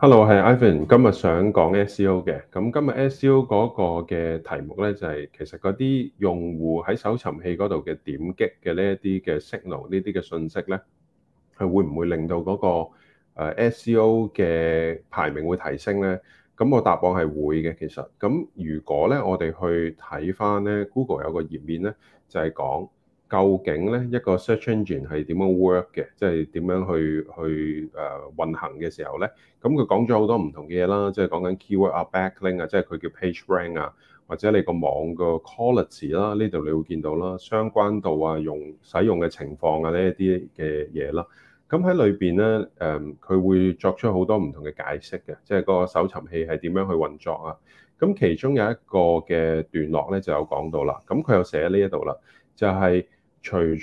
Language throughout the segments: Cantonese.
Hello，我係 Ivan，今日想講 SEO 嘅。咁今日 SEO 嗰個嘅題目咧，就係其實嗰啲用戶喺搜尋器嗰度嘅點擊嘅呢一啲嘅 signal，呢啲嘅信息咧，係會唔會令到嗰個誒 SEO 嘅排名會提升咧？咁我答案係會嘅，其實。咁如果咧，我哋去睇返咧，Google 有個頁面咧，就係講。究竟咧一個 search engine 係點樣 work 嘅，即係點樣去去誒運行嘅時候咧？咁佢講咗好多唔同嘅嘢啦，即係講緊 keyword 啊、backlink 啊，即係佢叫 page rank 啊，或者你個網個 quality 啦、啊，呢度你會見到啦，相關度啊、用使用嘅情況啊，啊呢一啲嘅嘢啦。咁喺裏邊咧，誒佢會作出好多唔同嘅解釋嘅，即係嗰個搜尋器係點樣去運作啊？咁其中有一個嘅段落咧就有講到啦，咁佢又寫喺呢一度啦，就係、是。除咗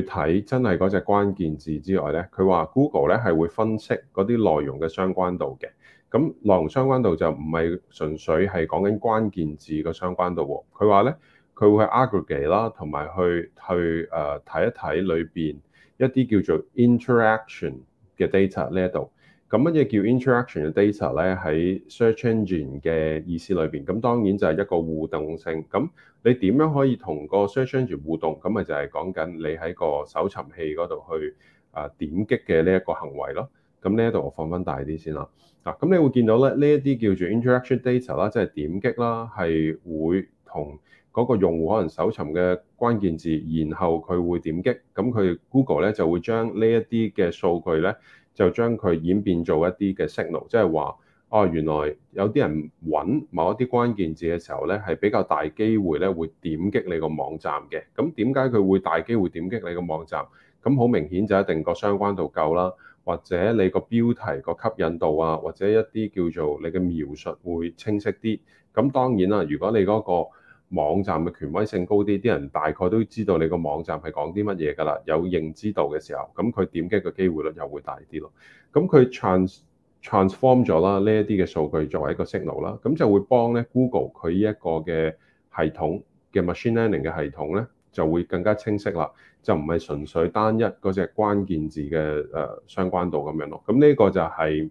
去睇真係嗰隻關鍵字之外咧，佢話 Google 咧係會分析嗰啲內容嘅相關度嘅。咁內容相關度就唔係純粹係講緊關鍵字嘅相關度喎。佢話咧，佢會去 aggregate 啦，同埋去去誒睇一睇裏邊一啲叫做 interaction 嘅 data 呢度。咁乜嘢叫 interaction 嘅 data 咧？喺 search engine 嘅意思裏邊，咁當然就係一個互動性。咁你點樣可以同個 search engine 互動？咁咪就係講緊你喺個搜尋器嗰度去啊點擊嘅呢一個行為咯。咁呢一度我放翻大啲先啦。啊，咁你會見到咧，呢一啲叫做 interaction data 啦，即係點擊啦，係會同嗰個用戶可能搜尋嘅關鍵字，然後佢會點擊，咁佢 Google 咧就會將呢一啲嘅數據咧，就將佢演變做一啲嘅 signal，即係話哦，原來有啲人揾某一啲關鍵字嘅時候咧，係比較大機會咧會點擊你個網站嘅。咁點解佢會大機會點擊你個網站？咁好明顯就一定個相關度夠啦，或者你個標題個吸引度啊，或者一啲叫做你嘅描述會清晰啲。咁當然啦，如果你嗰個網站嘅權威性高啲，啲人大概都知道你個網站係講啲乜嘢㗎啦，有認知度嘅時候，咁佢點擊嘅機會率又會大啲咯。咁佢 trans transform 咗啦，呢一啲嘅數據作為一個 signal 啦，咁就會幫咧 Google 佢呢一個嘅系統嘅 machine learning 嘅系統咧，就會更加清晰啦，就唔係純粹單一嗰隻關鍵字嘅誒相關度咁樣咯。咁呢個就係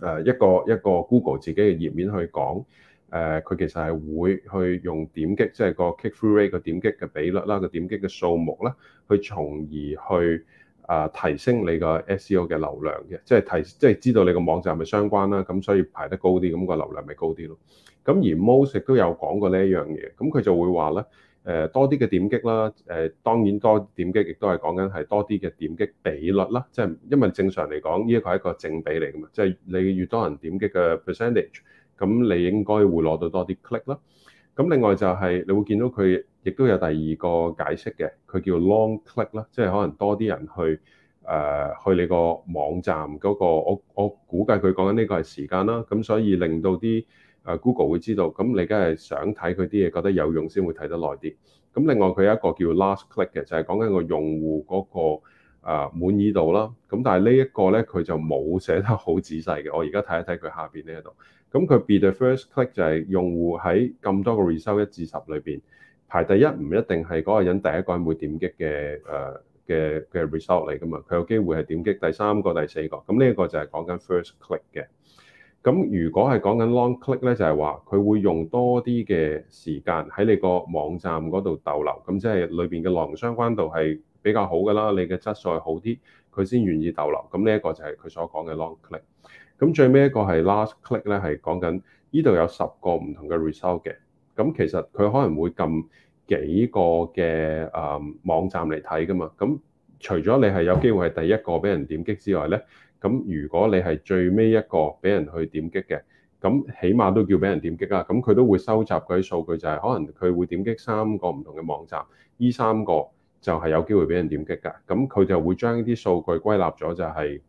誒一個一個 Google 自己嘅頁面去講。誒，佢其實係會去用點擊，即係個 click through rate 個點擊嘅比率啦，個點擊嘅數目啦，去從而去啊提升你個 SEO 嘅流量嘅，即係提，即係知道你個網站係咪相關啦，咁所以排得高啲，咁個流量咪高啲咯。咁而 mouse 亦都有講過呢一樣嘢，咁佢就會話咧，誒多啲嘅點擊啦，誒當然多點擊亦都係講緊係多啲嘅點擊比率啦，即係因為正常嚟講，呢一個係一個正比嚟噶嘛，即係你越多人點擊嘅 percentage。咁你應該會攞到多啲 click 咯。咁另外就係你會見到佢，亦都有第二個解釋嘅，佢叫 long click 啦，即係可能多啲人去誒、呃、去你個網站嗰個。我我估計佢講緊呢個係時間啦。咁所以令到啲誒 Google 會知道，咁你梗係想睇佢啲嘢，覺得有用先會睇得耐啲。咁另外佢有一個叫 last click 嘅，就係講緊個用戶嗰個。啊，滿意度啦，咁但係呢一個咧，佢就冇寫得好仔細嘅。我而家睇一睇佢下邊呢一度，咁佢 be the first click 就係用戶喺咁多個 result 一至十裏邊排第一，唔一定係嗰個人第一個人會點擊嘅，誒、uh，嘅嘅 result 嚟噶嘛。佢有機會係點擊第三個、第四個。咁呢一個就係講緊 first click 嘅。咁如果係講緊 long click 咧，就係話佢會用多啲嘅時間喺你個網站嗰度逗留。咁即係裏邊嘅內容相關度係，比較好噶啦，你嘅質素係好啲，佢先願意逗留。咁呢一個就係佢所講嘅 long click。咁最尾一個係 last click 咧，係講緊呢度有十個唔同嘅 result 嘅。咁其實佢可能會撳幾個嘅誒、嗯、網站嚟睇噶嘛。咁除咗你係有機會係第一個俾人點擊之外咧，咁如果你係最尾一個俾人去點擊嘅，咁起碼都叫俾人點擊啊。咁佢都會收集嗰啲數據、就係，就係可能佢會點擊三個唔同嘅網站，依三個。就係有機會俾人點擊㗎，咁佢就會將呢啲數據歸納咗、就係，就係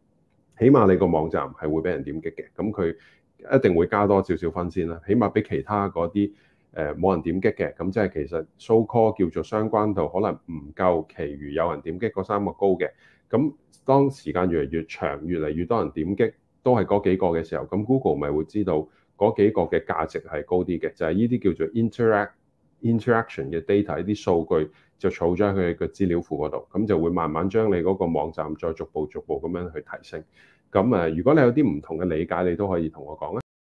起碼你個網站係會俾人點擊嘅，咁佢一定會加多少少分先啦，起碼比其他嗰啲誒冇人點擊嘅，咁即係其實 so call 叫做相關度可能唔夠，其餘有人點擊嗰三個高嘅，咁當時間越嚟越長，越嚟越多人點擊都係嗰幾個嘅時候，咁 Google 咪會知道嗰幾個嘅價值係高啲嘅，就係呢啲叫做 interact。interaction 嘅 data 呢啲數據就儲咗喺佢嘅資料庫嗰度，咁就會慢慢將你嗰個網站再逐步逐步咁樣去提升。咁啊，如果你有啲唔同嘅理解，你都可以同我講啊。